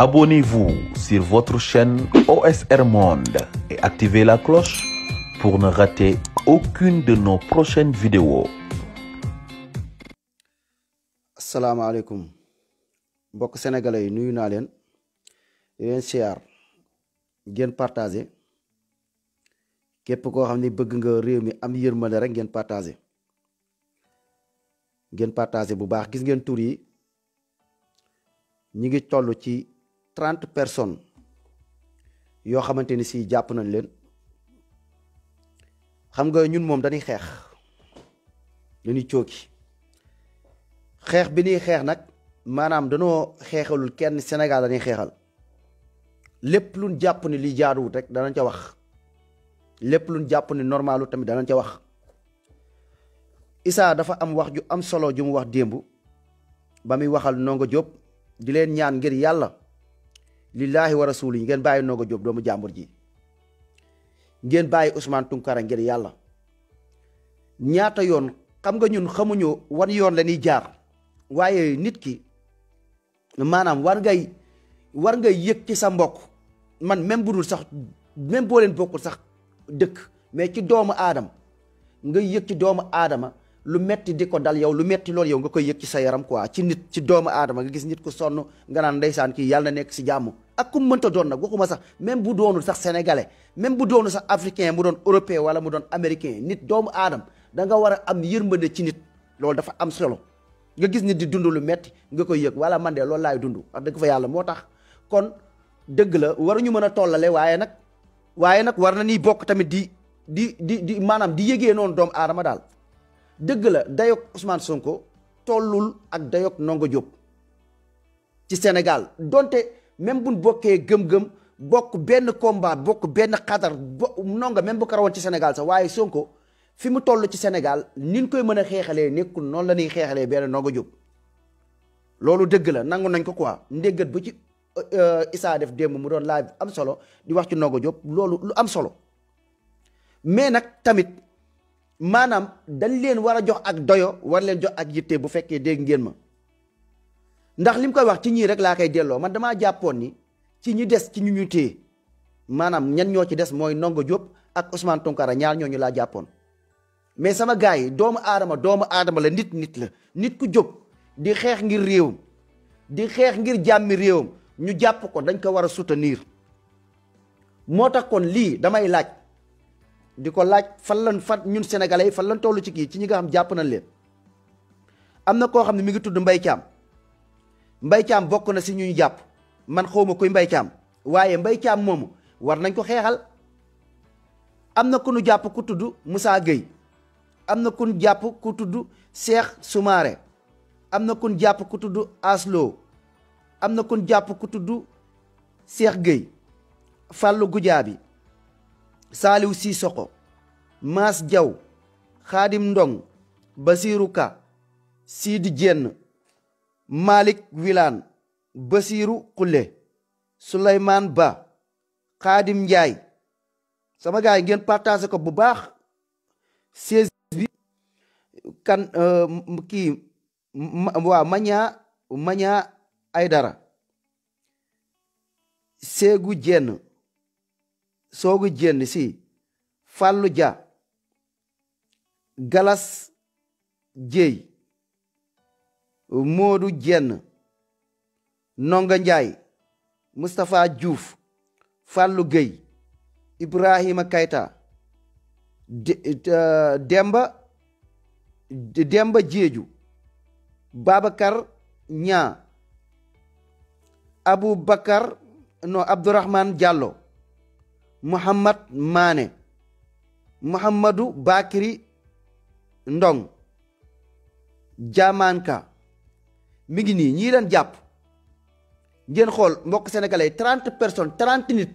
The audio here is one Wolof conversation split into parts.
Abonnez-vous sur votre chaîne OSR Monde et activez la cloche pour ne rater aucune de nos prochaines vidéos. asalaamaaleykum mbokk sénégalais yi nuyu naa leen di leen siyaar ngeen partagé képp koo xam ne bëgg nga réew mi am yërmande rek ngeen partagé ngeen partagé bu baax gis ngeen tur yi ñi ngi toll ci. trente personnes yoo xamante ni si jàpp nañ leen xam nga ñun moom dañuy xeex dañuy cooki xeex bi nuy xeex nag maanaam danoo xeexalul kenn Sénégal dañuy xeexal lépp lu jàpp ni li jaaduwut rek danañ ca wax lépp lu jàpp ni normalu tamit danañ ca wax Issa dafa am wax ju am solo ju mu wax démb ba muy waxal Ndongo Diop di leen ñaan ngir yàlla lillaahi wa rasuuli ngeen bàyyi Ndongo Diop doomu jàmbur ji ngeen bàyyi Ousmane Tounkara ngir yàlla ñaata yoon xam nga ñun xamuñoo wan yoon la ñuy jaar waaye nit ki maanaam war ngay war ngay yëg ci sa mbokk man même bu sax même boo leen bokkul sax dëkk mais ci doomu aadama nga yëg ci doomu aadama lu metti di ko dal yow lu metti loolu yow nga koy yëg ci sa yaram quoi ci nit ci doomu aadama nga gis nit ku sonn nga naan ndeysaan kii yàlla na nekk si jàmm ak ku mënta doon nag waxuma sax même bu doonul sax sénégalais même bu doonul sax africain mu doon européen wala mu doon américain nit doomu aadama da war a am yërmande ci nit loolu dafa am solo nga gis nit di dund lu metti nga koy yëg wala man loolu laay dund wax dëgg fa yàlla moo tax kon dëgg la waruñu mën a tollale waaye nag waaye nag war na ni bokk tamit di di di di maanaam di yëgee noonu doomu aadama daal dëgg la dayok usmaan Sonko tollul ak dayok Ndongo Diop ci Sénégal donte même buñ bokkee gëm-gëm bokk benn combat bokk benn xadar bo Ndongo même bu ko rawoon ci Sénégal sax waaye Sonko fi mu toll ci Sénégal niñ koy mën a xeexalee nekkul noonu la ñuy xeexalee benn Ndongo Diop loolu dëgg la nangu nañ ko quoi ndéggat bu ci euh, euh, Issa def démb mu doon live am solo di wax ci Ndongo Diop loolu lu am solo mais nag tamit maanaam dañ leen war a jox ak doyo war leen jox ak yitte bu fekkee dégg ngeen ma ndax li koy wax ci ñii rek laa koy delloo man damaa jàppoon ni ci ñi des ci ñu ñu téye maanaam ñan ñoo ci des mooy Ndongo Diop ak Ousmane Tounkara ñaar ñooñu laa jàppoon mais sama gars yi doomu aadama doomu aadama la nit nit la nit ku jóg di xeex ngir réew di xeex ngir jàmmi réewam ñu jàpp ko dañ ko war a soutenir moo tax kon lii damay laaj. di ko laaj fan lan fan ñun sénégalais yi fan lan toll ci kii ci ñi nga xam jàpp na leen am na koo xam ne mi ngi tudd Mbaye Thiam Mbaye Thiam bokk na si ñuy jàpp man xawma kuy Mbaye Thiam waaye Mbaye Thiam moomu war nañ ko xeexal am na ku jàpp ku tudd Moussa Gueye am na ku jàpp ku tudd Cheikh Soumaré am na ku jàpp ku tudd Aslo am na ku nu jàpp ku tudd Cheikh Gueye Fallou Goudiaby Saliou Cissokho Mass jaw xaadim Ndong Basirou Ka Sidi Diène Malick Wilane Basirou Khoule Souleymane Ba xaadim Ndiaye sama gars yi ngeen partagé ko bu baax seize bi kan euh, kii waa mañaa mañaa ay dara seegu jenn soogu jénn si fàllu ja galas jéy moodu jenn nonga njaay mustafa juuf fàllu géy ibrahima kayta demba demba jéeju babacar ñaa abou bakar no abdourahman diallo Mouhamad Mané Mouhamadou Bakiri Ndong Jamanka mi ngi nii ñii leen jàpp ngeen xool mbokk sénégalais trente personnes trent nit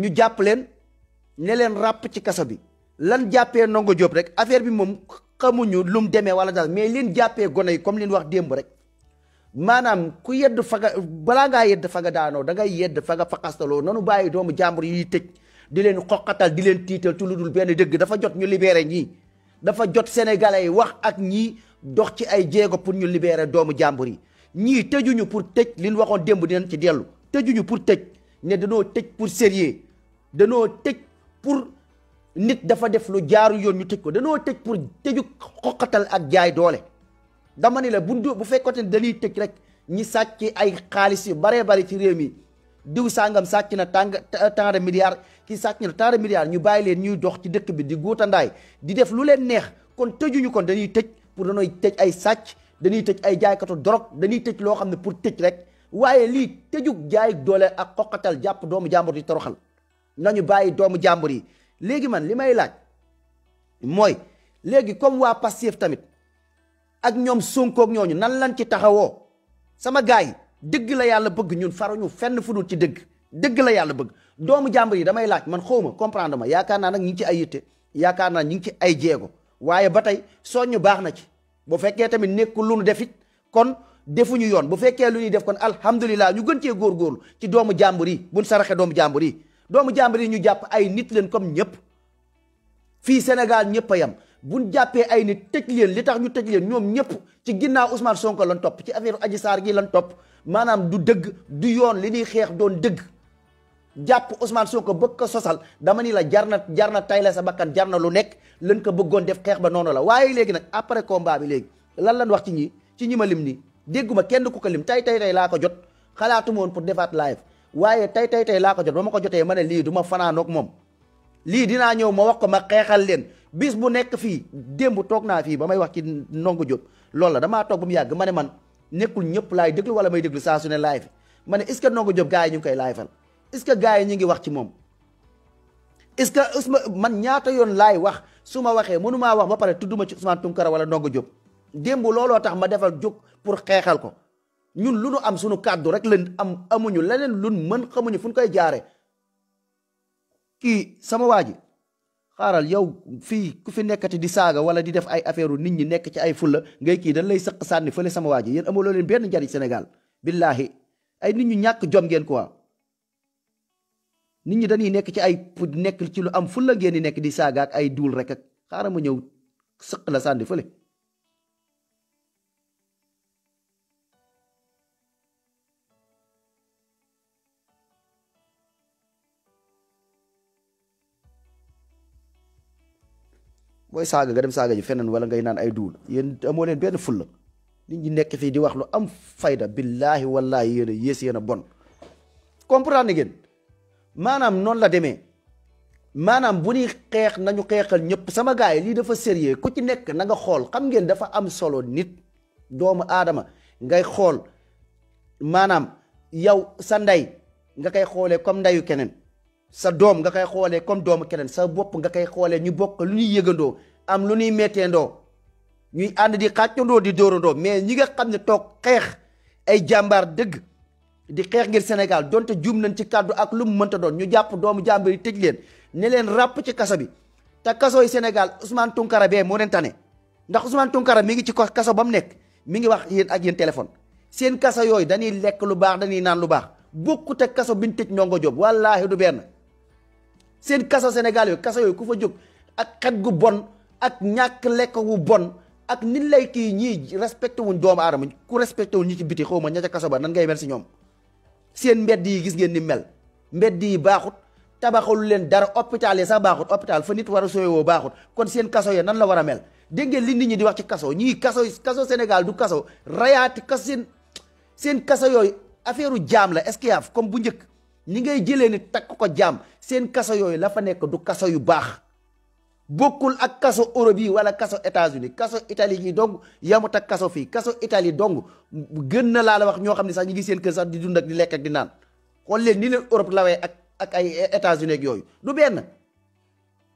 ñu jàpp leen ne leen ràpp ci kaso bi lan jàppee Ndongo Diop rek affaire bi moom xamuñu lum demee wala daal mais leen jàppee gone yi comme leen wax démb rek. maanaam ku yedd faga balaa ngaa yedd faga daanoo da ngay yedd faga fakastaloo nanu bàyyi doomu jàmbur yi tëj di leen xoqatal di leen tiital ci lu dul benn dëgg dafa jot ñu libéré ñii dafa jot sénégalais yi wax ak ñii dox ci ay jéego pour ñu libéré doomu jàmbur yi ñii tëjuñu pour tëj lin ñu waxoon démb dinañ ci dellu tëjuñu pour tëj ne danoo tëj pour sérieux danoo tëj pour nit dafa def lu jaaru yoon ñu tëj ko danoo tëj pour tëju xoqatal ak jaay doole dama ni la bu du bu fekkoon ni dañuy tëj rek ñi sàcc ay xaalis yu baree bari ci réew mi diw sàngam sàcc na tàng tant de milliards ki sàcc na tant de ñu bàyyi leen ñuy dox ci dëkk bi di guutandaay di def lu leen neex kon tëjuñu kon dañuy tëj pour dañooy tëj ay sàcc dañuy tëj ay jaaykatu dorog dañuy tëj loo xam ne pour tëj rek waaye lii tëjug jaay doole ak xoqatal jàpp doomu jàmbur di toroxal nañu bàyyi doomu jàmbur yi léegi man li may laaj mooy léegi comme waa Pastef tamit ak ñoom Sonko ñooñu nan lan ci taxawoo sama gaay yi dëgg la yàlla bëgg ñun faruñu fenn fu dul ci dëgg dëgg la yàlla bëgg doomu jàmbur yi damay laaj man xaw ma comprendre ma yaakaar naa nag ñu ngi ci ay yitte yaakaar naa ñu ngi ci ay jéego waaye ba tey soññu baax na ci bu fekkee tamit nekkul lu nu def it kon defuñu yoon bu fekkee lu ñuy def kon alhamdulilah ñu gën cee góor góorgóorlu ci doomu jàmbur yi buñ saraxee doomu jàmbur yi doomu jàmbur yi ñu jàpp ay nit leen comme ñëpp fii Sénégal ñëpp yem bu jàppee ay nit tëj leen li tax ñu tëj leen ñoom ñëpp ci ginnaaw Ousmane Sonko lan topp ci affaire Adji saar gi lan topp maanaam du dëgg du yoon li ñuy xeex doon dëgg jàpp Ousmane Sonko bëgg ko sosal dama ni la jar na jar na tay la sa bakkan jar na lu nekk lan ko bëggoon def xeex ba noonu la waaye léegi nag après combat bi léegi lan lan wax ci ñi ci ñi ma lim nii dégguma kenn ku ko lim tay tay tay laa ko jot xalaatuma woon pour defaat live waaye tay tay tay laa ko jot ba ma ko jotee ma ne lii du ma moom lii dinaa ñëw ma wax ko ma xeexal leen bis bu nekk fii démb toog naa fii ba may wax ci ndongo Diop loolu la damaa toog ba mu yàgg ma ne man nekkul ñëpp laay déglu wala may déglu saa su ne laay fi ma ne est ce que ndongo Diop ñu ngi koy laay fal est ce que gars yi ñu ngi wax ci moom est ce que Ousmane man ñaata yoon laay wax su ma waxee mënu wax ba pare tudduma ci Ousmane Tounkara wala ndongo Diop démb looloo tax ma defal jóg pour xeexal ko ñun lu nu am suñu kàddu rek leen am amuñu leneen lun mën xamuñu fu koy jaare kii sama waa ji xaaral yow fii ku fi nekkati di saaga wala di def ay affaire nit ñi nekk ci ay fulla ngay kii dañ lay sëq sànni fële sama waa ji yéen amaloo leen benn njariñ Sénégal billaahi ay nit ñu ñàkk jom ngeen quoi nit ñi dañuy nekk ci ay nekk ci lu am fulla ngeen di nekk di saaga ay duul rek ak ma ñëw sëq la sànni fale booy saaga nga dem saaga ji feneen wala ngay naan ay duul yéen amoo benn fulla nit ñi nekk fii di wax lu am fayda billaahi wallaahi yéen a yées yéen a bon comprendre ngeen maanaam noonu la demee maanaam bu ñuy xeex nañu xeexal ñëpp sama gars yi lii dafa sérieux ku ci nekk na nga xool xam ngeen dafa am solo nit doomu aadama ngay xool maanaam yow sa ndey nga koy xoole comme ndeyu keneen sa doom nga koy xoolee comme doomu keneen sa bopp nga koy xoolee ñu bokk lu ñuy yëgandoo am lu ñuy metteendoo ñuy ànd di xàccandoo di dóorandoo mais ñi nga xam ne toog xeex ay jàmbaar dëgg di xeex ngir Sénégal donte juum nañ ci kàddu ak lu mu mënta doon ñu jàpp doomu jàmbaar yi tëj leen ne leen ràpp ci kaso bi te kaso yi Sénégal Ousmane Tounkara bee moo leen ne ndax Ousmane Tounkara mi ngi ci kaso ba mu nekk mi ngi wax yéen ak yéen téléphone seen kaso yooyu dañuy lekk lu baax dañuy naan lu baax bokkut ak kaso bi ñu tëj Ndongo Diop wallaahi du benn seen kaso senegal yooyu kaso yooyu ku fa jóg ak xet gu bon ak ñàkk lekk gu bon ak nit lay kii ñii respecté wuñ doomu aadama ku respecté wuñ ñi ci biti xaw ma ña ca kaso ba nan ngay mel si ñoom seen mbedd yi gis ngeen ni mel mbedd yi baaxut tabaxalu leen dara hôpital sa sax baaxut hôpital fa nit war a sowewoo baaxut kon seen kaso ya nan la war a mel dégg ngeen li nit ñi di wax ci kaso ñii kaso kaso Sénégal du kaso rayaati kaso seen seen kaso yooyu affaire u jaam la esclave comme bu njëkk ñi ngay jëlee ni takk ko jaam seen kaso yooyu la fa nekk du kaso yu baax bokkul ak kaso Europe yi wala kaso États-Unis kaso Italie yi dong yamut kaso fii kaso itali dong gën na laa la wax ñoo xam ne sax ñu ngi seen kër sax di dund ak di lekk di naan xool leen ni leen Europe lawee ak ak ay États-Unis yooyu du benn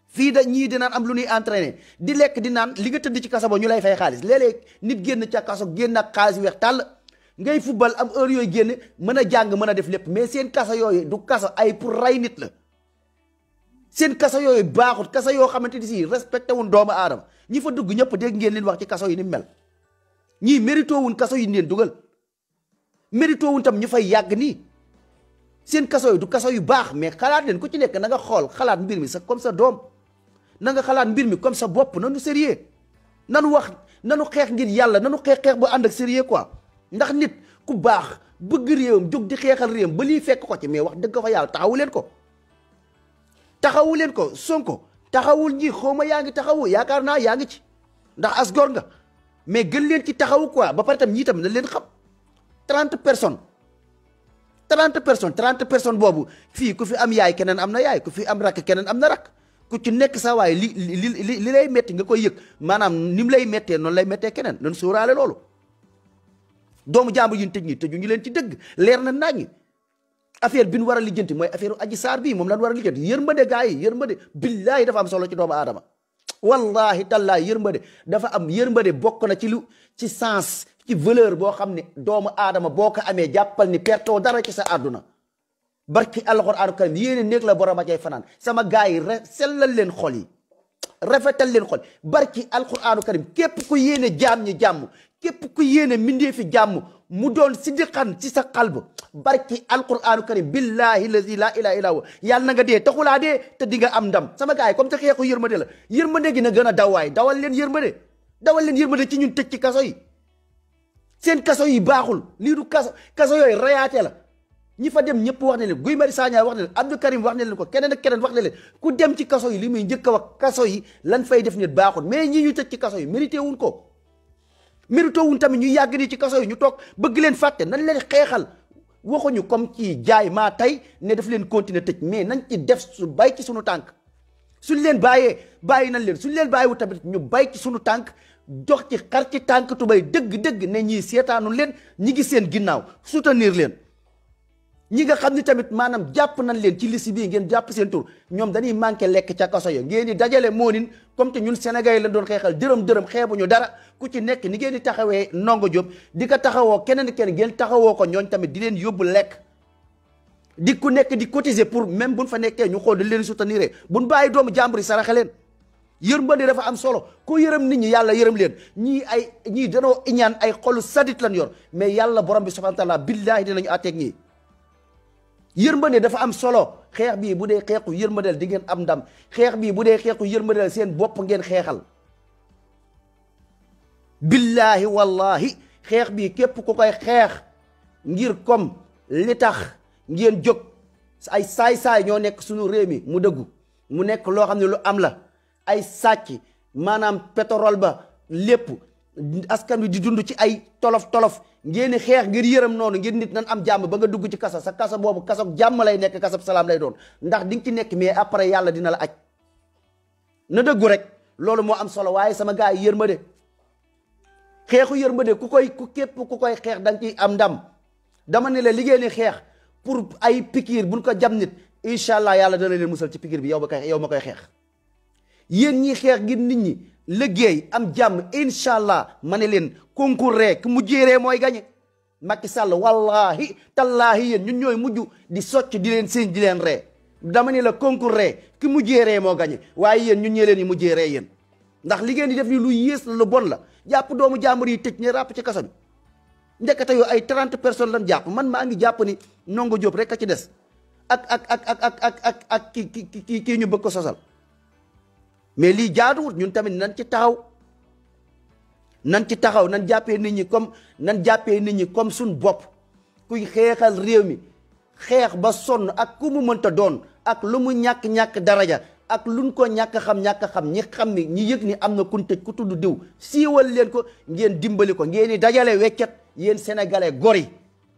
fii da ñii dinaan am lu ñuy entraîné di lekk di naan li nga tëdd ci kaso ba ñu lay fay xaalis léeg-léeg nit génn ca kaso génn ak xaalis weex tàll ngay football am heure yooyu génn mën a jàng mën a def lépp mais seen kaso yooyu du kaso ay pour rey nit la seen kaso yooyu baaxut kaso yoo xamante ni sii respecté wun doomu aadama ñi fa dugg ñëpp dégg ngeen leen wax ci kaso yi ni mel ñii mérito wuñ kaso yi leen dugal mérito wuñ tam ñu fay yàgg nii seen kaso yi du kaso yu baax mais xalaat leen ku ci nekk na nga xool xalaat mbir mi sa comme sa doom na nga xalaat mbir mi comme sa bopp nanu sérieux nanu wax nanu xeex ngir yàlla nanu xeex xeex bu ànd ak sérieux quoi ndax nit ku baax bëgg réewam jóg di xeexal réewam ba lii fekk ko ci mais wax dëgg fa yàlla taxawu leen ko taxawu leen ko Sonko taxawul ñi xaw ma yaa ngi taxawu yaakaar naa yaa ngi ci ndax as góor nga mais gën leen ci taxawu quoi ba pare tam ñii tam na leen xam trente personnes trente personnes trente personnes boobu fii ku fi am yaay keneen am na yaay ku fi am rakk keneen am na rakk ku ci nekk sa waay li li li lay metti nga koy yëg maanaam ni mu lay mettee noonu lay mettee keneen nan sóoraale loolu doomu jàmbur yi ñu tëj ñi tëju ñu leen ci dëgg leer na naññi affaire bi nu war a lijjanti mooy affaire aji saar bii moom lan war a lijjanti yërmande gaa yi yërmande billaahi dafa am solo ci doomu aadama wallahi tallaahi yërmande dafa am yërmande bokk na ci lu ci sens ci valeur boo xam ne doomu aadama boo ko amee jàppal ni pertoo dara ci sa àdduna barki alxuraan karim yéene nekk la borom a cay fanaan sama gaa yi re sellal leen xol yi rafetal leen xol barki alxuraanu karim képp ku yéene jaam ñi jàmm képp ku yéene mindee fi jàmm mu doon siddiqan ci sa xalb barki alquranu karim billahi lazi la ilaha illa yal yàlla na nga dee taxulaa dee te di nga am ndam sama gars yi comme te xeexu yërmande la yërmande gi na gën a dawaay dawal leen yërmande dawal leen yërmande ci ñun tëj ci kaso yi seen kaso yi baaxul lii du kaso kaso yooyu rayaate la ñi fa dem ñëpp wax ne leen Guy Marius Sagna wax ne leen Abdou Karim wax ne leen ko keneen keneen wax ne leen ku dem ci kaso yi li muy njëkk a kaso yi lan fay def nit baaxul mais ñi ñu tëj ci kaso yi mérité wuñ ko mérito wuñ tamit ñu yàgg nii ci kaso yi ñu toog bëgg leen fàtte nañ leen xeexal waxuñu comme ci jaay maa tey ne def leen continuer tëj mais nañ ci def su bay ci suñu tànk suñ leen bàyyee bàyyi nañ leen suñ leen bàyyiwu tamit ñu bàyyi ci suñu tànk jox ci xar ci tànk tubay dëgg-dëgg ne ñii seetaanu leen ñi ngi seen ginnaaw soutenir leen ñi nga xam ni tamit maanaam jàpp nañ leen ci liste bii ngeen jàpp seen tur ñoom dañuy manqué lekk ca kaso yo ngeen di dajale moonin comme te ñun Sénégal yi la doon xeexal dërëm dërëm xeebuñu dara ku ci nekk ni ngeen di taxawee nongo Diop di ko taxawoo keneen kenn ngeen taxawoo ko ñooñ tamit di leen yóbbu lekk di ku nekk di cotiser pour même buñ fa nekkee ñu xool di leen soutenir buñ bàyyi doomu jàmbur yi saraxe leen ba yërmande dafa am solo ko yërëm nit ñi yàlla yërëm leen ñii ay ñii danoo iñaan ay xolu sadit lan yor yàlla borom bi subhanahu wa taala billaahi dinañu àtteeg ñii yërmande dafa am solo xeex bii bu dee xeexu yërmandeel di ngeen am ndam xeex bii bu dee xeexu yërmandeel seen bopp ngeen xeexal billaahi wallahi xeex bi képp ku koy xeex ngir comme li tax ngeen jóg ay saay-saay ñoo nekk suñu réew mi mu dëggu mu nekk loo xam ne lu am la ay sàcc maanaam pétrole ba lépp askan wi di dund ci ay tolof tolof ngeen xeex ngir yërëm noonu ngir nit nan am jàmm ba nga dugg ci kasa sa kasa boobu kasa jàmm lay nekk kasab salaam lay doon ndax di nga ci nekk mais après yàlla dina la aj na dëggu rek loolu moo am solo waaye sama gars yi de xeexu de ku koy ku képp ku koy xeex da nga am ndam dama ne la liggéey ni xeex pour ay pikiir buñ ko jam nit incha allah yàlla dana leen musal ci pikiir bi yow ma koy yow ma koy xeex yéen ñiy xeex ngir nit ñi. liggéey am jàmm incha allah ma ne leen concours ki mu jéeree mooy gañe Macky Sall wallahi tallaahi yéen ñun ñooy mujj di socc di leen seen di leen ree dama ne la concours ree ki mujjee ree moo gañe waaye yéen ñun ñee leen yi mu ree yéen ndax li ngeen di def ni lu yées la lu bon la jàpp doomu jàmbur yi tëj ne ràpp ci kaso bi njëkkate yoo ay 30 personnes lan jàpp man maa ngi jàpp ni nongo Diop rek a ci des ak ak ak ak ak ak ak ak kii kii kii ñu bëgg ko sosal mais lii jaaduwut ñun tamit nan ci taxaw nan ci taxaw nan jàppee nit ñi comme nan jàppee nit comme suñ bopp kuy xeexal réew mi xeex ba sonn ak ku mu mënta doon ak lu mu ñàkk-ñàkk daraja ak luñ ko ñàkk xam ñàkk xam ñi xam ni ñi yëg ni am na kun ku tudd diw siiwal leen ko ngeen dimbali ko ngeen di dajale weccet yéen sénégalais gor yi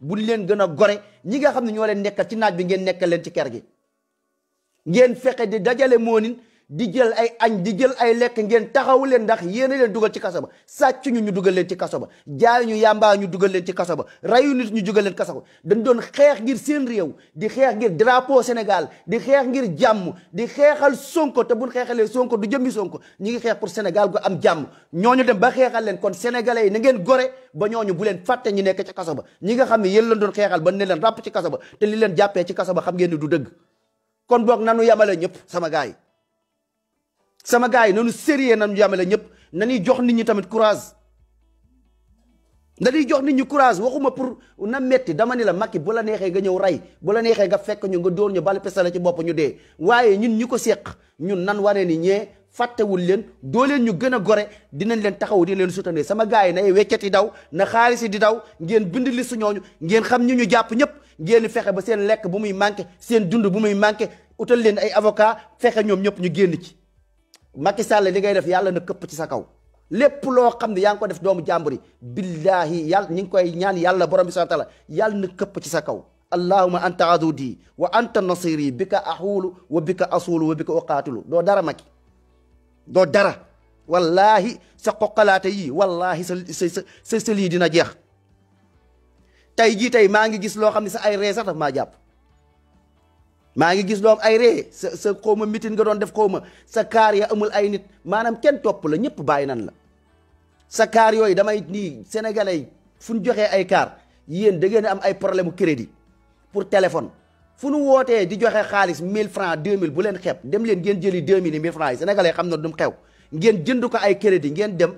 buñ leen gën a gore ñi nga xam ne ñoo leen nekkal ci naaj bi ngeen nekkal leen ci ker gi ngeen fexe di dajale moonin di jël ay añ di jël ay lekk ngeen taxawu leen ndax yéen a leen dugal ci kaso ba sàcc ñu ñu dugal leen ci kaso ba jaay ñu yàmbaa ñu dugal leen ci kaso ba rayu nit ñu dugal leen kaso doon xeex ngir seen réew di xeex ngir drapeau Sénégal di xeex ngir jàmm di xeexal Sonko te xeexalee Sonko du jëmmi Sonko ñi ngi xeex pour Sénégal gu am jàmm ñooñu dem ba xeexal leen kon sénégalais yi na ngeen gore ba ñooñu bu leen fàtte ñu nekk ci kaso ba ñi nga xam ne yéen lañ doon xeexal ba ne leen ràpp ci kaso ba te li leen jàppee ci kaso ba xam ngeen ni du dëgg kon boog na nanu yamale ñëpp sama gaay sama gars yi noonu sérieux nañu yamale ñëpp nañuy jox nit ñi tamit courage dañuy jox nit ñi courage waxuma pour na metti dama ni la Macky bu la neexee nga ñëw rey bu la neexee nga fekk ñu nga dóor ñu bal pestale ci bopp ñu dee waaye ñun ñi ko seq ñun nan wane ni ñee fàttewul leen dooleen ñu gën a gore dinañ leen taxaw di leen soutenir sama gars yi nay weccet yi daw na xaalis yi di daw ngeen bind li su ñooñu ngeen xam ñu ñu jàpp ñëpp ngeen fexe ba seen lekk bu muy manqué seen dund bu muy manqué utal leen ay avocat fexe ñoom ñëpp ñu génn ci Macky Sall li ngay def yàlla na këpp ci sa kaw lépp loo xam ne yaa ngi ko def doomu jàmbur yi billaahi yàlla ñu ngi koy ñaan yàlla borom bi subhaanahu wa taala yàlla na këpp ci sa kaw allahuma anta adudi wa anta nasiri bi ka axuulu wa bi ka asuulu wa bi ka doo dara Macky doo dara wallaahi sa qoqalaate yii wallaahi sa sa sa sa dina jeex tey jii tey maa ngi gis loo xam ne sa ay ree sax daf maa jàpp maa ngi gis loom ay ree sa sa xaw ma mitin nga doon def xaw ma sa kaar ya amul ay nit maanaam kenn topp la ñëpp bàyyi nan la sa kaar yooyu damay nii sénégalais fu ñu joxee ay kaar yéen da ngeen am ay problème crédit pour téléphone fu nu wootee di joxe xaalis 1000 francs mille bu leen xeeb dem leen ngeen jëli 2000 yi 1000 francs yi xam na du mu xew ngeen jënd ko ay crédit ngeen dem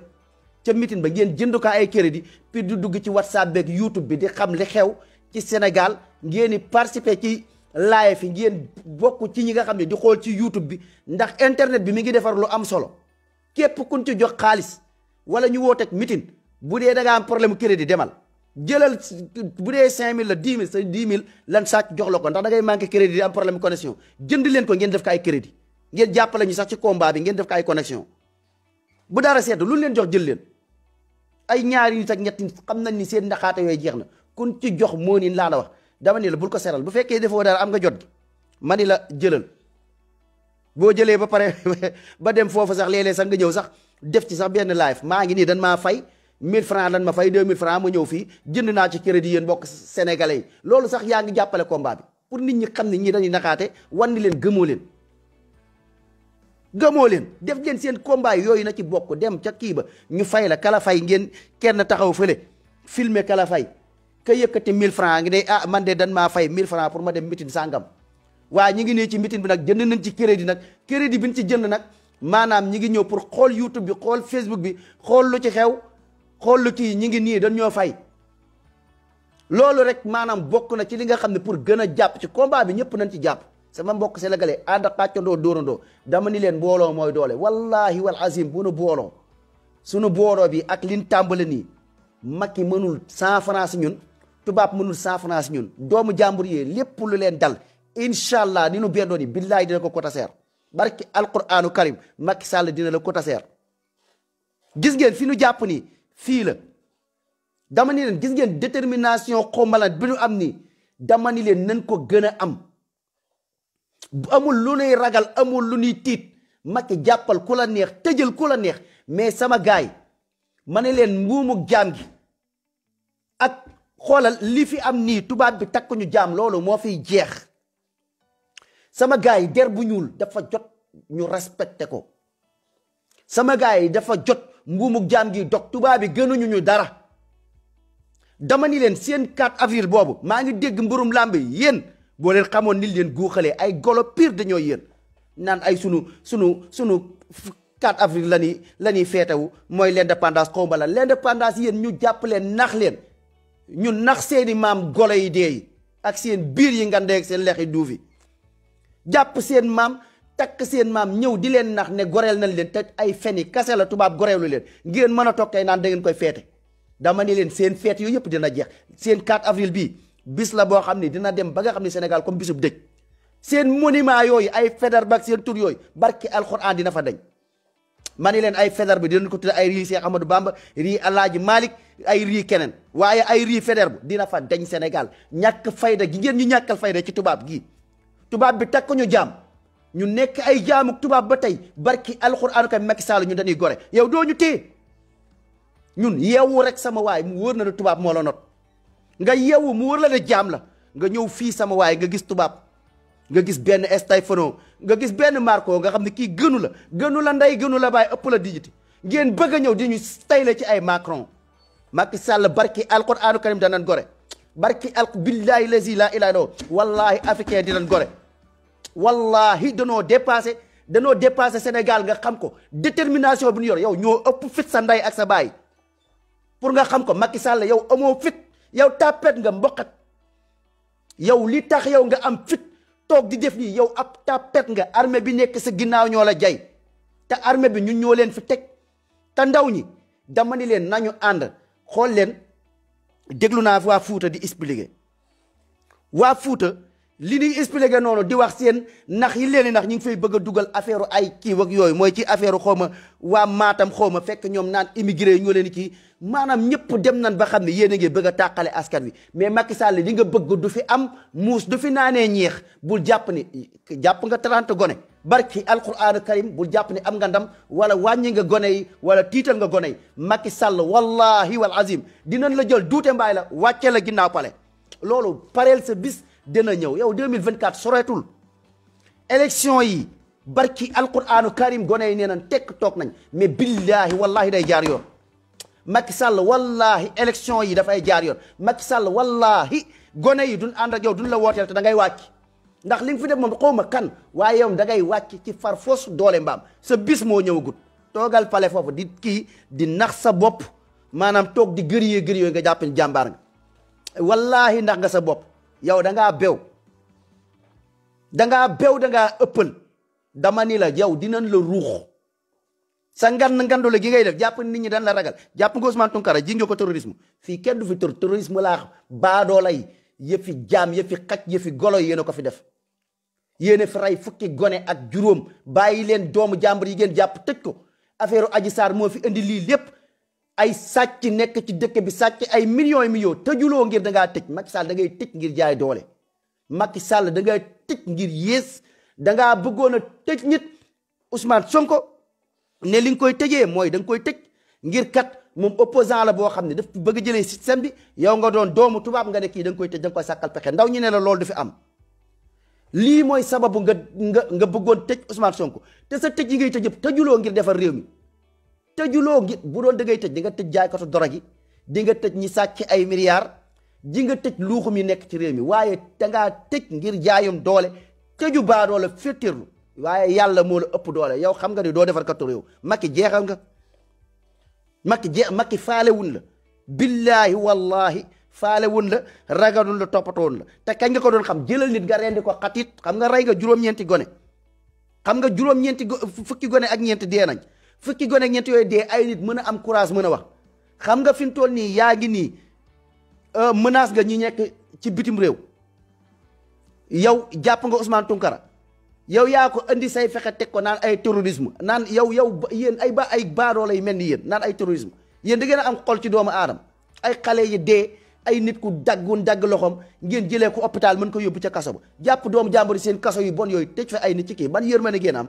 ca mitin ba ngeen jënd ko ay crédit puis di dugg ci whatsapp beeg youtube bi di xam li xew ci Sénégal ngeen di ci. laay fi ngeen bokk ci ñi nga xam ne di xool ci YouTube bi ndax internet bi mi ngi defar lu am solo képp kun ci jox xaalis wala ñu woo wooteeg meeting bu dee da am problème crédit demal jëlal bu dee 5000 la 10 000 sa 10 lan sàcc jox la ko ndax da ngay manqué crédit di am problème connexion jënd leen ko ngeen def ko ay crédit ngeen jàppale ñu sax ci combat bi ngeen def kay ay connexion bu daara sedd lu leen jox jël leen ay ñaari nit ak ñetti xam nañ ni seen ndaxaate yooyu jeex na kun ci jox moo ni laa la wax. dama ni la bul ko seral bu fekkee defoo dara am nga jot ma ni la jëlal boo jëlee ba pare ba dem foofu sax léeg sax nga ñëw sax def ci sax benn live maa ngi nii dañ maa fay 1000 francs lañ ma fay 2000 francs ma ñëw fii jënd naa ci crédit yéen bokk sénégalais yi loolu sax yaa ngi jàppale combat bi pour nit ñi xam ne ñii dañuy naxaate wan ni leen gëmoo leen gëmoo leen def leen seen combat yooyu na ci bokk dem ca kii ba ñu fay la kala fay ngeen kenn taxaw fële filmer kala fay ka yëkkati 1000 francs ngi ne ah man de dan maa fay 1000 francs pour ma dem mitin sàngam waaye ñi ngi ne ci mitin bi nag jënd nañ ci crédit nag crédit bi ñu ci jënd nag maanaam ñi ngi ñëw pour xool YouTube bi xool Facebook bi xool lu ci xew xool lu kii ñi ngi nii dañ ñoo fay loolu rek maanaam bokk na ci li nga xam ne pour gën a jàpp ci combat bi ñëpp nañ ci jàpp sama mbokk sénégalais ànd xàccandoo dóorandoo dama ni leen booloo mooy doole wallahi wal azim bu booloo sunu booloo bi ak liñ tàmbale nii Macky mënul cent francs ñun tubaab mënul saafaraas ñun doomu jàmbur yi lépp lu leen dal incha allah ni nu bendoon yi billaay dina ko kotaseer barki alquranu karim Macky Sall dina la kotaseer gis ngeen fi nu jàpp ni fii la dama ni leen gis ngeen détermination xombalan bi nu am ni dama ni leen nañ ko gën a am amul lu nuy ragal amul lu nuy tiit Macky jàppal ko la neex tëjal ku la neex mais sama gaay ma ne leen mbuumu jaam gi xoolal li fi am nii tubaab bi takkuñu ñu jaam loolu moo fiy jeex sama gars yi der bu ñuul dafa jot ñu respecté ko sama gars yi dafa jot mbuumuk jaam gi dog tubaab bi gënuñu ñu dara dama ni leen seen 4 avril boobu maa ngi dégg mburum làmb yi yéen boo leen xamoon ni leen guuxalee ay golo piir dañoo yéen naan ay sunu sunu sunu 4 avril la ñuy la ñuy feetewu mooy l'indépendance xawma la l'indépendance yéen ñu jàpp leen nax leen ñu nax seeni maam golo yi deey ak seen biir yi nga ndeeg seen lexi duufi jàpp seen maam takk seen maam ñëw di leen nax ne goreel nañ leen te ay feni kase la tubaab goreelu leen ngeen mën a toog tey naan da ngeen koy feete dama ne leen seen feet yooyu yëpp dina jeex seen 4 avril bii bis la boo xam ne dina dem ba nga xam ne Sénégal comme bisub dëj seen monument yooyu ay Faidherbe ak seen tur yooyu barki alxuraan dina fa deñ ma ni leen ay feder bi dinañ ko tudd ay rii Cheikh Amadou rii Alaaji Malick ay rii keneen waaye ay rii feder dina fa deñ Sénégal ñàkk fayda gi ngeen ñu ñàkkal fayda ci tubaab gii tubaab bi takk ñu jaam ñu nekk ay jaamu tubaab ba tey barki alxuraan ka Macky Sall ñu dañuy gore yow doo ñu téye ñun yeewu rek sama waay mu wóor na ne tubaab moo la nga yeewu mu wóor la ne jaam la nga ñëw fii sama waay nga gis tubaab nga gis benn Stefano nga gis benn Marco nga xam ne kii gënu la gënu la ndey gënu la bàyyi ëpp la dijiti ngeen bëgg a ñëw di ñu tayle ci ay Macron Macky Sall barki alquranu karim danan gore barki al billahi lazi la ilaha illa wallahi africain di nan gore wallahi danoo dépassé danoo dépassé Sénégal nga xam ko détermination bi ñu yor yow ñoo ëpp fit sa ndey ak sa baay pour nga xam ko Macky Sall yow amoo fit yow tàppet nga mboqat yow li tax yow nga am fit toog di def nii yow ab tapet nga armée bi nekk sa ginnaaw ñoo la jay te armée bi ñun ñoo leen fi teg te ndaw ñi dama leen nañu ànd xool leen déglu naa waa Fuuta di expliquer waa Fuuta li ñuy expliqué noonu di wax seen nax yi leen nax ñu ngi fay bëgg a dugal affaire ay kii ak yooyu mooy ci affaire xaw ma waa maatam xaw ma fekk ñoom naan immigré ñoo leen kii maanaam ñëpp dem nañ ba xam ne yéen a ngi bëgg tàqale askan wi mais Macky Sall li nga bëgg du fi am muus du fi naanee ñeex bul jàpp ni jàpp nga 30 gone barki alquraan karim bul jàpp ni am nga ndam wala wàññi nga gone yi wala tiital nga gone yi Macky Sall wallahi wal azim dinañ la jël duute mbaay la wàcce la ginnaaw pale dina ñëw yow 2024 soreetul élection yi barki alquranu karim gone yi nee nañ tekk toog nañ mais billahi wallahi day jaar yoon Macky Sall wallahi élection yi dafay jaar yoon Macky Sall wallahi gone yi du ànd ak yow duñ la wooteel te wàcc ndax li nga fi def xaw ma kan waaye yow da ngay wàcc ci far foos doole mbaam sa bis moo ñëwagut toogal pale foofu di kii di nax sa bopp maanaam toog di gëriyee gëriyee nga jàpp ne jàmbaar nga wallahi ndax nga sa bopp yow da bew da ngaa bew da ngaa ëppal dama ni la yow dinañ la ruux sa ngan ngandole gi ngay def jàpp nit ñi dañ la ragal jàpp nga Ousmane Tounkara ji nga ko terrorisme fii kenn du fi tër terrorisme laa baadoola yi yëfi jaam yëfi xaj yëfi golo yi yéen a ko fi def yéen a fi rey fukki gone ak juróom bàyyi leen doomu jàmbur yi ngeen jàpp tëj ko affaire Adji Sarr moo fi indi lii lépp ay sàcc nekk ci dëkk bi sàcc ay millions et millions tëjuloo ngir da ngaa tëj Macky Sall da ngay tëj ngir jaay doole Macky Sall da ngay tëj ngir yées da ngaa bëggoon a tëj nit Ousmane Sonko ne li nga koy tëjee mooy da koy tëj ngir kat moom opposant la boo xam ne daf bëgg a jëlee système bi yow nga doon doomu tubaab nga ne kii da koy tëj da nga koy sàkkal pexe ndaw ñu ne la loolu du fi am. lii mooy sababu nga nga nga bëggoon tëj Ousmane Sonko te sa tëj yi ngay tëj tëjuloo ngir defar réew mi. tëjuloo ngi bu doon dangay tëj di nga tëj jaaykatu doro gi di nga tëj ñi sàcc ay milliards di nga tëj luuxum yi nekk ci réew mi waaye dangaa tëj ngir jaayum doole tëju baadoo la féttirlu waaye yàlla moo la ëpp doole yow xam nga ni doo defar katu réew Macky jeexal nga Macky jeex Macky faalewun la billaahi wallaahi faalewun la ragalun la toppatoon la te kañ nga ko doon xam jëlal nit nga rendi ko xatit xam nga rey nga juróom-ñeenti gone xam nga juróom gone ak ñeenti dee nañ fukki gone ak yooyu dee ay nit mën a am courage mën a wax xam nga fi mu toll nii yaa ngi nii euh, menace nga ñi nekk ci bitim réew yow jàpp nga Ousmane Tounkara yow yaa ko indi say fexe teg ko naan ay terrorisme naan yow yow yéen ay ba ay baadoo lay mel ni yéen naan ay terrorisme yéen da ngeen a am xol ci doomu aadama ay xale yi dee ay nit ku daggun dagg loxoom ngeen jëlee ko hôpital mën ko yóbbu ca kaso ba jàpp doomu jàmbur seen kaso yi bon yooyu tëj fa ay nit ci kii ban yërmande ngeen am.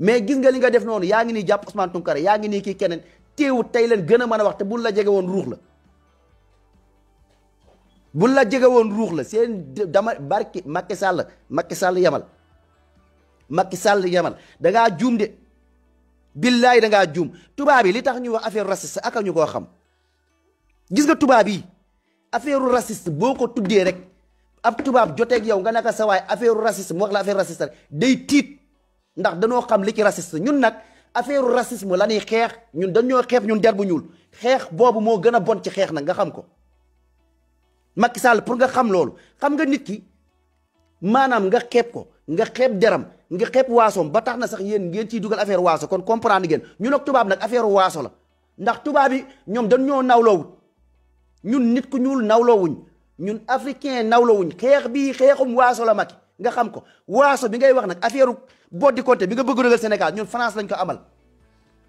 mais gis nga li nga def noonu yaa ngi nii jàpp Ousmane Tounkara yaa ngi nii kii keneen teewut tey leen gën a mën a wax te la jege woon ruux la la jege woon ruux la seen dama barki Macky Sall Macky Sall yamal Macky Sall yamal da ngaa juum de billaay da ngaa juum tubaab yi li tax ñuy wax affaire raciste aka ñu koo xam gis nga tubaab yi affaire raciste boo ko tuddee rek ab tubaab joteeg yow nga naka sa waay affaire raciste mu wax la affaire raciste rek day tiit. ndax dañoo xam li ci raciste ñun nag affaire racisme la ñuy xeex ñun dañoo xeex ñun der bu ñuul xeex boobu moo gën a bon ci xeex nag nga xam ko Macky Sall pour nga xam loolu xam nga nit ki maanaam nga xeeb ko nga xeeb deram nga xeeb waasoom ba tax na sax yéen ngeen ciy dugal affaire waaso kon comprendre ngeen ñun ak tubaab nag affair waaso la ndax tubaab yi ñoom dañ ñoo nawloowut ñun nit ku ñuul nawloowuñ ñun africain nawloowuñ xeex bii xeexum waaso la nga xam ko waaso bi ngay wax nag affaire di compté bi nga bëgg régal Sénégal ñun France lañ ko amal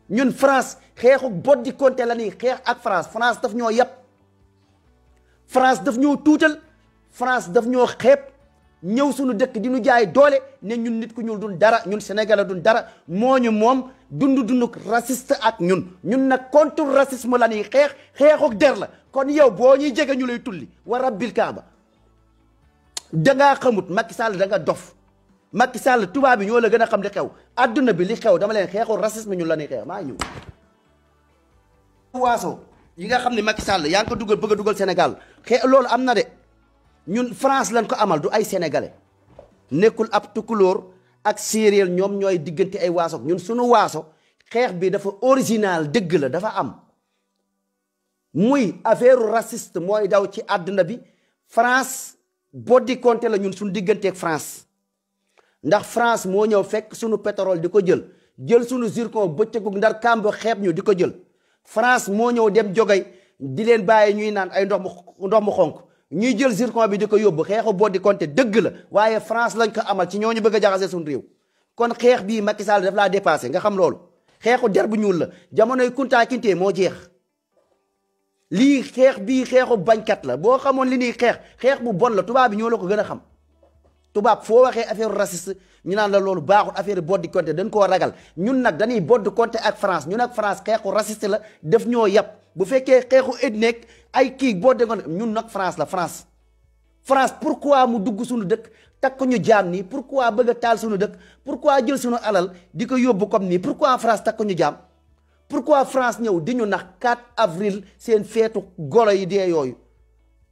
ñun France xeexu boddi compté la nii xeex ak France France daf ñoo yàpp France daf ñoo tuutal France daf ñoo xeeb ñëw suñu dëkk di ñu jaay doole ne ñun nit ku ñuul duñ dara ñun sénégalais duñ dara moo ñu moom dund dunduk raciste ak ñun ñun nag contre racisme la nii xeex xeexuk der la kon yow boo ñuy jege ñu lay tulli wa rabbil kaaba dangaa xamut Macky Sall da nga dof Macky Sall tubaab bi ñoo la gën a xam li xew adduna bi li xew dama leen xeexul racisme ñun la ñuy xeex maa ñëw waaso yi nga xam ni Macky Sall yaa ngi ko dugal bëgg a dugal Sénégal loolu am na de ñun France lañ ko amal du ay sénégalais nekkul ab tukulóor ak séeréer ñoom ñooy diggante ay waaso ñun suñu waaso xeex bi dafa original dëgg la dafa am muy affaire raciste mooy daw ci àdduna bi France body compté la ñun suñu digganteeg France ndax France moo ñëw fekk suñu pétrole di ko jël jël suñu zircon bëccëgu ndar kàmb xeeb ñu di ko jël France moo ñëw dem jogay di leen bàyyi ñuy naan ay ndox mu ndox xonk ñuy jël zircon bi di ko yóbbu xeexu body compté dëgg la waaye France lañ ko amal ci ñoo ñu bëgg a jaxase suñu réew kon xeex bii Macky Sall daf laa dépassé nga xam loolu xeexu der bu ñuul la jamonoy Kunta moo jeex lii xeex bii xeexu bañkat la boo xamoon li nii xeex xeex bu bon la tubaab bi ñoo la ko gën a xam tubaab foo waxee affaire raciste ñu naan la loolu baaxul affaire boddi konté dañ koo ragal ñun nag dañuy boddi konté ak France ñu nag France xeexu raciste la def ñoo yab bu fekkee xeexu ethnique ay kii boddi konté ñun nag France la France France pourquoi mu dugg suñu dëkk takk ñu jaam nii pourquoi bëgg a taal suñu dëkk pourquoi jël suñu alal di ko yóbbu comme nii pourquoi France takk ñu jaam pourquoi France ñëw di ñu nax 4 avril seen feetu golo yi dee yooyu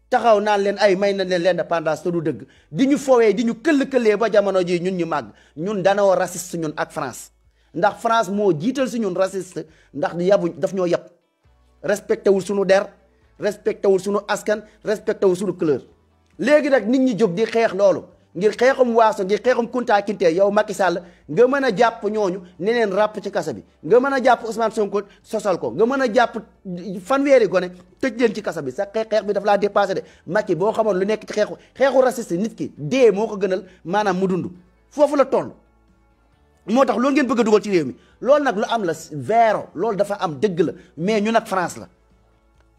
taxaw naan leen ay may nañ leen l'indépendance te du dëgg di ñu foowee di ñu këll-këllee ba jamono ji ñun ñu màgg ñun danoo raciste ñun ak France ndax France moo jiital si ñun raciste ndax yabu daf ñoo yab respecté wul suñu der respecté wul suñu askan respecté wul suñu couleur léegi nag nit ñi jóg di xeex loolu ngir xeexum waaso ngir xeexum kunta kinte yow Macky Sall nga mën a jàpp ñooñu ne leen ràpp ci kasa bi nga mën a jàpp Ousmane Sonko sosal ko nga mën a jàpp fanweeri gone tëj leen ci kasa bi sa xeex bi daf laa dépassé de Macky boo xamoon lu nekk ci xeexu xeexu nit ki dee moo ko gënal maanaam mu dund foofu la toll moo tax loolu ngeen bëgg a dugal ci réew mi loolu nag lu am la véro loolu dafa am dëgg la mais ñu nag France la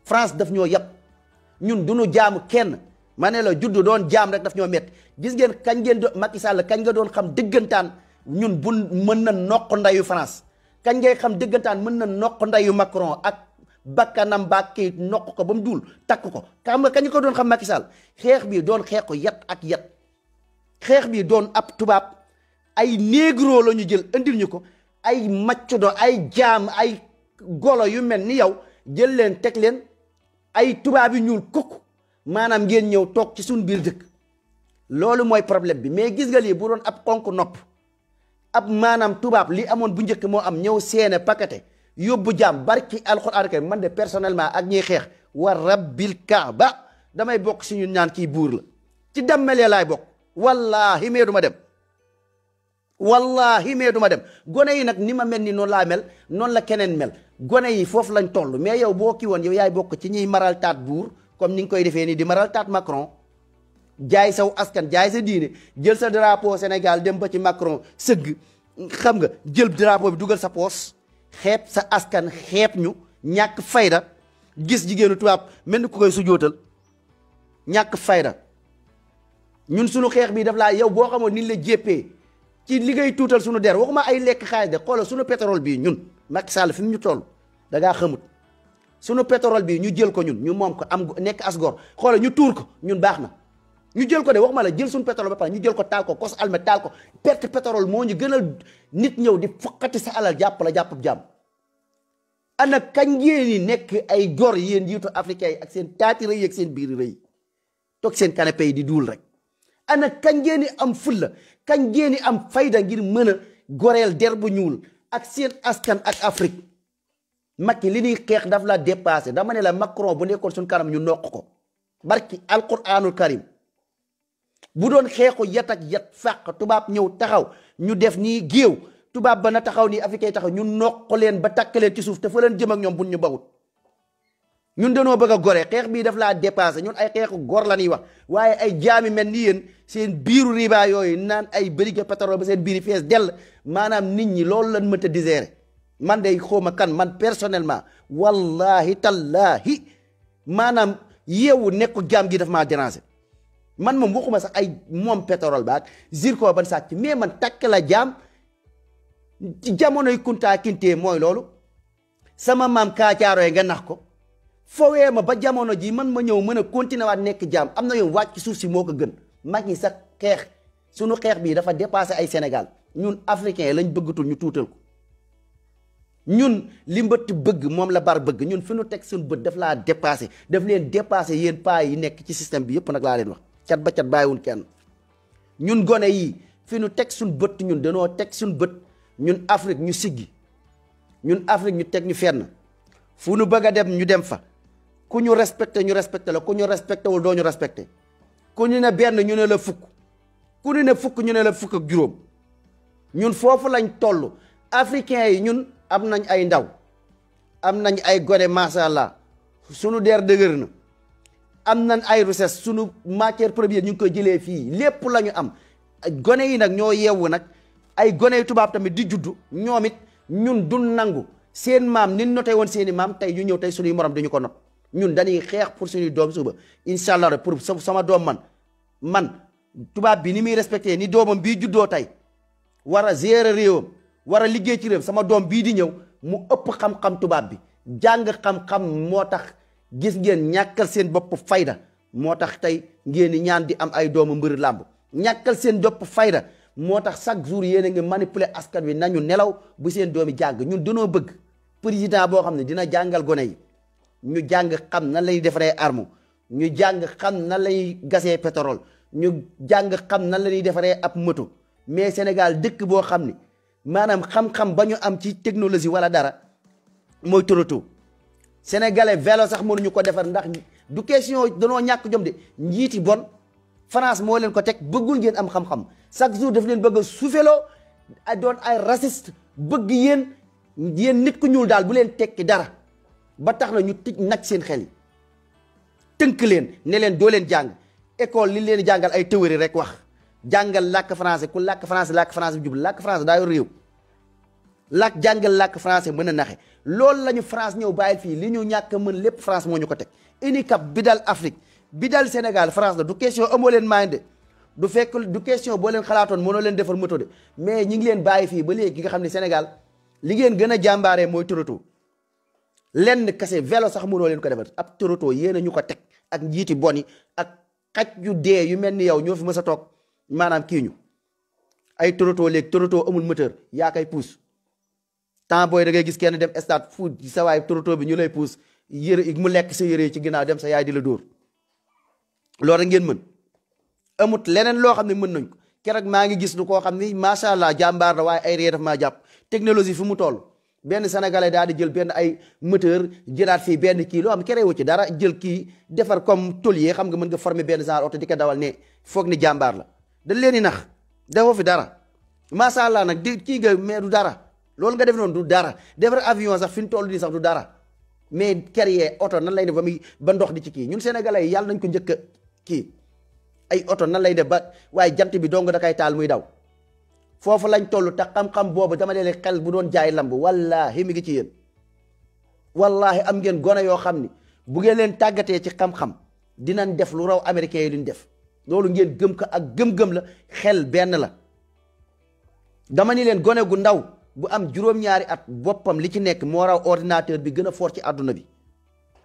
France daf ñoo yab ñun duñu jaamu kenn ma ne la juddu doon jaam rek daf ñoo métti gis ngeen kañ ngeen doon Macky kañ nga doon xam dëggantaan ñun bu mën na noq ndeyu France kañ ngay xam dëggantaan mën na noq ndayu Macron ak bakkanam bàkki noq ko ba mu duul takk ko xam nga kañ ko doon xam Macky Sall xeex bi doon xeex ko yat ak yat xeex bi doon ab tubaab ay négro la ñu jël indil ñu ko ay macc do ay jaam ay golo yu mel ni yow jël leen teg leen ay tubaab yu ñuul kukk maanaam ngeen ñëw toog ci suñ biir dëkk loolu mooy problème bi mais gis nga lii bu doon ab xonk nopp ab maanaam tubaab lii amoon bu njëkk moo am ñëw seene pakate yóbbu jaam barki alxuraan karim man de personnellement ak ñiy xeex wa rabbil kaaba damay bokk si ñu ñaan kii buur la ci demmelee laay bokk wallaahi mee du ma dem wallaahi mee du ma dem gone yi nag ni ma mel ni noonu laa mel noonu la keneen mel gone yi foofu lañ toll mais yow boo kii woon yow yaay bokk ci ñuy maral taat buur comme ni nga koy defee nii di maral taat Macron jaay saw askan jaay sa diine jël sa drapeau Sénégal dem ba ci Macron sëgg xam nga jël drapeau bi dugal sa poos xeeb sa askan xeeb ñu ñàkk fayda gis jigéenu tubaab mel ni ku koy sujootal ñàkk fayda ñun sunu xeex bi daf laa yow boo xamoon ni la jéppee ci li ngay tuutal sunu der ma ay lekk xaalis de xoolal sunu pétrole bii ñun Macky Sall fi mu ñu toll da ngaa xamut sunu pétrole bi ñu jël ko ñun ñu moom ko am nekk asgor xoola ñu tuur ko ñun baax na ñu jël ko de waxuma la jël suñu pétrole ba pare ñu jël ko taal ko kos almet taal ko perte pétrole moo ñu gënal nit ñëw di foqati sa alal jàpp la jàpp jàmm ana kañ ngeen yi nekk ay gor yéen yiitu africain yi ak seen taati rëy ak seen biir rëy toog seen canapé yi di duul rek ana kañ ngeen am fulla kañ ngeen am fayda ngir mën a goreel der bu ñuul ak seen askan ak Afrique Macky li ñuy xeex daf la dépassé dama ne la Macron bu nekkoon suñu kanam yu noq ko barki alquranul karim bu doon xeexu yat ak yat fàq tubaab ñëw taxaw ñu def nii giyew tubaab ba na taxaw nii africain taxaw ñu noq leen ba takk leen ci suuf te fa leen jëm ak ñoom buñ ñu bawut ñun dañoo bëgg a gore xeex bii daf laa dépassé ñun ay xeexu gor la ñuy wax waaye ay jaami mel ni yéen seen biiru riba yooyu naan ay bëriga pétrole ba seen biiri fees dell maanaam nit ñi loolu lañ mënta digérer man day xawma kan man personnellement wallahi tallahi maanaam yeewu nekku jaam gi daf ma déranger man ma waxuma sax ay moom pétrole baak zircon ban sàcc mais man takk la jaam jamonoy kuntaa kintee mooy loolu sama maam kaacaaroy nga nax ko fowee ma ba jamono ji man ma ñëw mën a continuer waat nekk jaam am na yoon wàcc suuf si moo ko gën mag ñi sax xeex sunu xeex bii dafa dépassé ay Sénégal ñun africain lañ bëggatul ñu tuutal ko ñun li mbëtt bëgg moom la bar bëgg ñun fi nu teg seen bët daf laa dépassé daf leen dépassé yéen paa yi nekk ci système bi yëpp nag laa leen wax cat ba cat bàyyiwul kenn ñun gone yi fi nu teg suñ bët ñun danoo teg suñ bët ñun Afrique ñu siggi ñun Afrique ñu teg ñu fenn fu nu bëgg a dem ñu dem fa ku ñu respecté ñu respecté la ku ñu respecté wul doo ñu respecté ku ñu ne benn ñu ne la fukk ku ñu ne fukk ñu ne la fukk ak juróom ñun foofu lañ toll africain am nañ ay ndaw am nañ ay gone macha allah sunu der dëgër na am nañ ay richesse sunu matière première ñu ngi koy jëlee fii lépp la ñu am gone yi nag ñoo yeewu nag ay gone tubaab tamit di juddu ñoom it ñun du nangu seen maam ni noté woon seeni maam tey ñu ñëw tey suñuy morom dañu ko not ñun dañuy xeex pour suñuy doom suba incha allah pour sama doom man man tubaab bi ni muy respecté ni doomam bi juddoo tey war a gérer réewam war a liggéey ci réew sama doom bii di ñëw mu ëpp xam-xam tubaab bi jàng xam-xam moo tax gis ngeen ñàkkal seen bopp fayda moo tax tey ngeen di ñaan di am ay doomu mbër làmb ñàkkal seen dopp fayda moo tax chaque jour yéen a ngi manipuler askan wi nañu nelaw bu seen doomi jàng ñun danoo bëgg président boo xam ne dina jàngal gone yi ñu jàng xam na lay defaree arme ñu jàng xam nan lañuy gasee pétrole ñu jàng xam nan la ñuy defaree ab moto mais Sénégal dëkk boo xam ne maanaam xam-xam ba ñu am ci technologie wala dara mooy toroto sénégalais velo sax mënuñu ko defar ndax du question danoo ñàkk jom de njiiti bon France moo leen ko teg bëggul ngeen am xam-xam chaque jour daf leen bëgg a suufeloo ay ay raciste bëgg yéen yéen nit ku ñuul daal bu leen tekki dara ba tax na ñu tij nag seen xel tënk leen ne leen doo leen jàng école li leen jàngal ay théorie rek wax jàngal làkk france ku làkk france làkk france bu jublu làkk français daa yor réew làkk jàngal làkk français mën a naxe loolu la ñu France ñëw bàyyil fii li ñu ñàkk mën lépp France moo ñu ko teg unicap bi dal Afrique bi dal Sénégal France la du question amoo leen maande du fekk du question boo leen xalaatoon mënoo leen defar méthode mais ñi ngi leen bàyyi fii ba léegi nga xam ne Sénégal li ngeen gën a jàmbaaree mooy toroto lenn kese velo sax mënoo leen ko defar ab toroto yéen a ñu ko teg ak njiiti bon yi ak xaj yu dee yu mel ni yow ñoo fi a toog maanaam kii ñu ay toroto léegi toroto amul moteur yaa koy pousse temps booy da gis kenn dem stade foot sa waay toroto bi ñu lay pousse yére mu lekk si yére yi ci ginnaaw dem sa yaay di la door loolu ngeen mën amut leneen loo xam ne mën nañ ko keroog maa ngi gis nu koo xam ni macha allah jàmbaar la waaye ay ree daf maa jàpp technologie fu mu toll benn sénégalais daal di jël benn ay moteur jëlaat fii benn kii loo xam kere wu ci dara jël kii defar comme tol tôlier xam nga mën nga former benn genre di ko dawal ne foog ni jàmbaar la. dañ leen di nax defoo fi dara macha allah nag di kii nga mais du dara loolu nga def noonu du dara defar avion sax fi ñu toll nii sax du dara mais carrière oto na lay def ba muy ba ndox di ci kii ñun sénégalais yi yàlla nañ ko njëkk a kii ay oto na lay def ba waaye jant bi dong da kay taal muy daw foofu lañ tollu te xam-xam boobu dama leen xel bu doon jaay lamb wallaahi mi ngi ci yéen wallaahi am ngeen gone yoo xam ni bu ngeen leen tàggatee ci xam-xam dinañ def lu raw américains yi duñ def. loolu ngeen gëm ko ak gëm-gëm la xel benn la dama ni leen gone gu ndaw bu am juróom-ñaari at boppam li ci nekk moo raw ordinateur bi gën a foor ci àdduna bi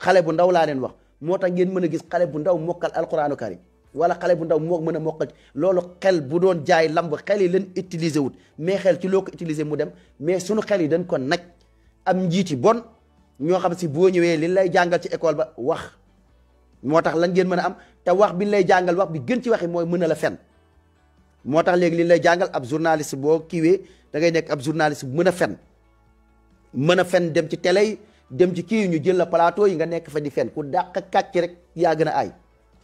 xale bu ndaw laa leen wax moo tax ngeen mën a gis xale bu ndaw mokkal alquraanu karim wala xale bu ndaw moo mën a mokkal loolu xel bu doon jaay lamb xel yi leen utiliser wut mais xel ci loo ko utiliser mu dem mais sunu xel yi dañ ko nag am njiiti bon ñoo xam si boo ñëwee li lay jàngal ci école ba wax moo tax lan ngeen mën a am te wax bi ñu lay jàngal wax bi gën ci waxi mooy mën a la fen moo tax léegi li lay jàngal ab journaliste boo kiiwee da ngay nekk ab journaliste bu mën a fen mën a fen dem ci télé yi dem ci kii ñu jël la plateau yi nga nekk fa di fen ku dàq kàcc rek yaa gën a aay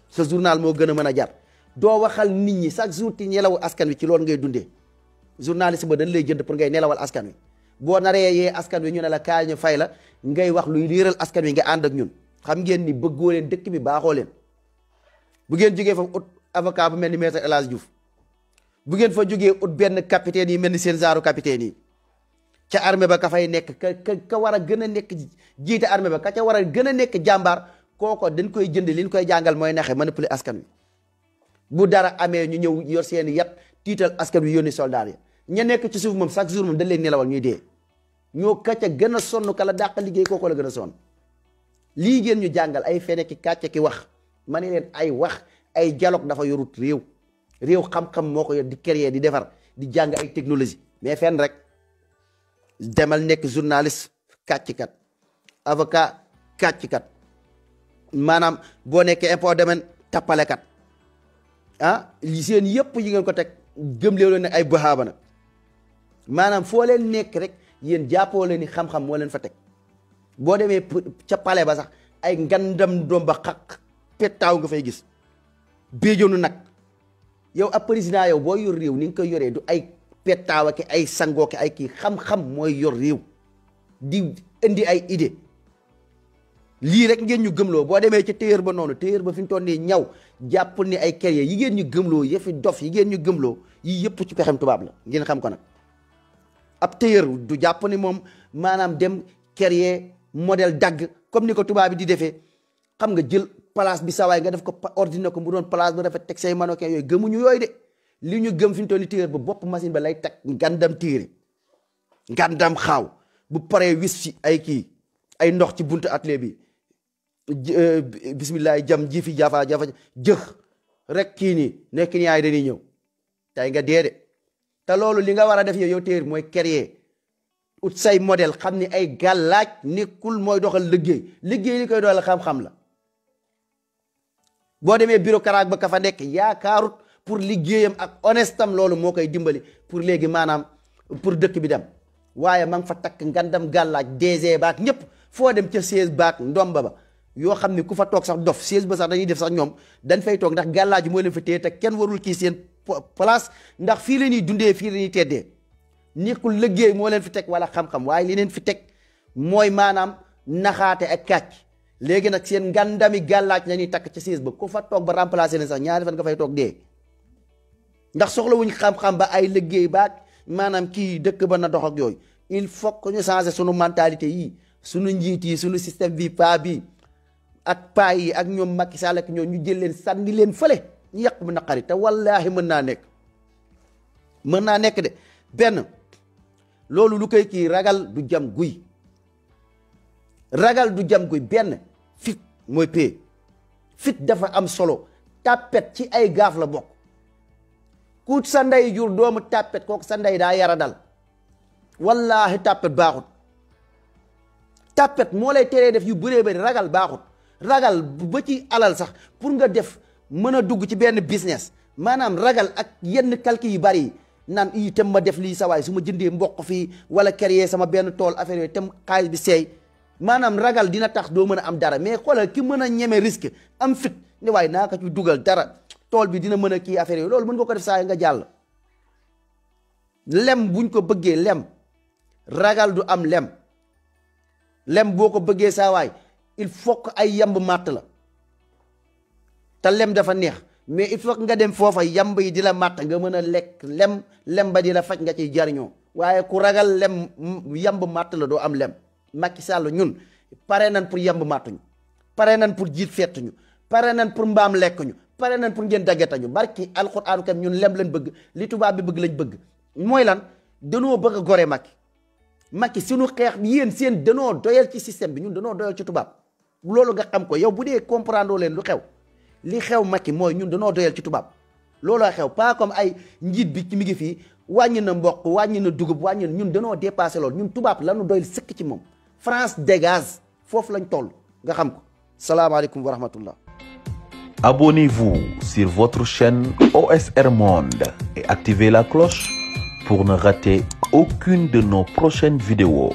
sa journal moo gën a mën a jar doo waxal nit ñi chaque jour ci nelawu askan wi ci loolu ngay dundee journaliste ba dañ lay jënd pour ngay nelawal askan wi boo naree yee askan wi ñu ne la kaa ñu fay la ngay wax lu liiral askan wi nga ànd ak ñun xam ngeen ni bëggoo leen dëkk bi baaxoo leen bu ngeen jógee fa ut avocat bu mel ni maître El Hadj Diouf bu ngeen fa jógee ut benn capitaine yi mel ni seen zaaru capitaine yi ca armée ba ka fay nekk ka war a gën a nekk jiite armée ba ka ca war a gën a nekk jàmbaar kooko dañ koy jënd li ñu koy jàngal mooy naxe manipuler askan wi bu dara amee ñu ñëw yor seen yat tiital askan wi yónni soldat yi ña nekk ci suuf moom chaque jour moom dañ leen nelawal ñuy dee ñoo ka gën a sonn kala dàq liggéey kooko la gën a lii ngeen ñu jàngal ay feneki ki ki wax ma ne leen ay wax ay dialogue dafa yorut réew réew xam-xam moo ko yor di créer di defar di jàng ay technologie mais fenn rek demal nekk journaliste kàccikat avocat kàccikat maanaam boo nekkee impôt domaine tappalekat ah seen yëpp yi ngeen ko teg gëm leen ay baxaaba na maanaam foo leen nekk rek yéen jàppoo leen ni xam-xam moo leen fa teg boo demee ca pale ba sax ay ngandam doom ba xaq pettaaw nga fay gis béjoonu nag yow ab président yow boo yor réew ni nga koy yoree du ay pettaaw ak ay sangoo ak ay kii xam-xam mooy yor réew di indi ay idée lii rek ngeen ñu gëmloo boo demee ca téyër ba noonu téyër ba fi mu toll nii ñaw jàpp ni ay créer yi ngeen ñu gëmloo yëpp dof yi ngeen ñu gëmloo yi yëpp ci pexem tubaab la ngeen xam ko nag ab téyër du jàpp ni moom maanaam dem créer modèle dagg comme ni ko tubaab bi di defee xam nga jël place bi sawaay nga def ko ordine ko mu doon place bu rafet teg say mannequin yooyu gëmuñu yooyu de li ñu gëm fi ñu toll téer ba bopp machine ba lay teg ngandam téere ngandam xaaw bu paree wis ay kii ay ndox ci buntu atelier bi euh, bisimilah jam ji fi jafa jafa jëx rek kii nii nekk ni yaay dañuy ñëw tey nga dee de te loolu li nga war a def yow yow téer mooy créer ut say modèle xam ni ay gàllaaj nekkul mooy doxal liggéey liggéey li koy doxal xam-xam la boo demee bureaucrate ba ka fa nekk yaakaarut pour liggéeyam ak honestam loolu moo koy dimbali pour léegi maanaam pour dëkk bi dem waaye ma ngi fa takk ngandam gàllaaj dese baak ñëpp foo dem ca siège baak ndomba ba yoo xam ne ku fa toog sax dof ba sax dañuy def sax ñoom dañ fay toog ndax gàllaaj mooy leen fa téye te kenn warul kii seen place ndax fii la ñuy dundee fii la ñuy teddee nekkul liggéey moo leen fi teg wala xam-xam waaye li leen fi teg mooy maanaam naxaate ak kàcc léegi nag seen ngàndami gàllaaj la ñuy takk ci siis ba ku fa toog ba remplacer leen sax ñaari fan nga fay toog dee ndax soxlawuñ xam-xam ba ay liggéey baak maanaam kii dëkk ba na dox ak yooyu il foog que ñu changer sunu mentalité yi suñu njiit yi suñu système bi pa bi ak paa yi ak ñoom Macky Sall ak ñoom ñu jël leen sànni leen fële ñu yàq mu naqari te wallaahi mën naa nekk mën naa nekk de benn loolu lu koy kii ragal du jam guy ragal du jam guy benn fit mooy pee fit dafa am solo tàppet ci ay gaaf la bokk ku sa ndey jur doomu tàppet kooku sa ndey daa yara dal wallaahi tàppet baaxut tàppet moo lay teree def yu bëree bëri ragal baaxut ragal ba ci alal sax pour nga def mën a dugg ci benn business maanaam ragal ak yenn calcul yu bari naan itam ma def lii sa waay su ma jëndee mboq fii wala créer sama benn tool affaire yooyu tam kaay bi seey maanaam ragal dina tax doo mën a am dara mais xoolal ki mën a ñeme risque am fit ne waaye naa ko ci dugal dara tool bi dina mën a kii affaire yooyu loolu mën nga ko def saa nga jàll. lem buñ ko bëggee lem ragal du am lem lem boo ko bëggee saa il faut que ay yamb màtt la te lem dafa neex. mais il faut nga dem foofa yamb yi di la màtt nga mën a lekk lem lem ba di la faj nga ciy jariñoo waaye ku ragal lem mm, yamb màtt la doo am lem Macky Sall ñun pare nan pour yamb màttuñu pare nan pour jiit fettuñu pare nan pour mbaam lekk ñu pare nan pour ngeen daggatañu barki alxuraan kam ñun lem lañ bëgg li tubaab bi bëgg lañ bëgg mooy lan danoo bëgg a gore Macky Macky suñu xeex bi yéen seen danoo doyal ci système bi ñun danoo doyal ci tubaab loolu nga xam ko yow bu dee comprendre leen lu xew li xew Macky mooy ñun dañoo doyal ci tubaab loolu looloo xew pas comme ay njiit bi ci mi ngi fii wàññi na mboq wàññi na dugub wàññi na ñun dañoo dépassé loolu ñun tubaab lanu doyal sëkk ci moom France dégage foofu lañ toll nga xam ko salaamaaleykum wa rahmatullah Abonnez-vous sur votre chaîne OSR Monde et activez la cloche pour ne rater aucune de nos prochaines vidéos.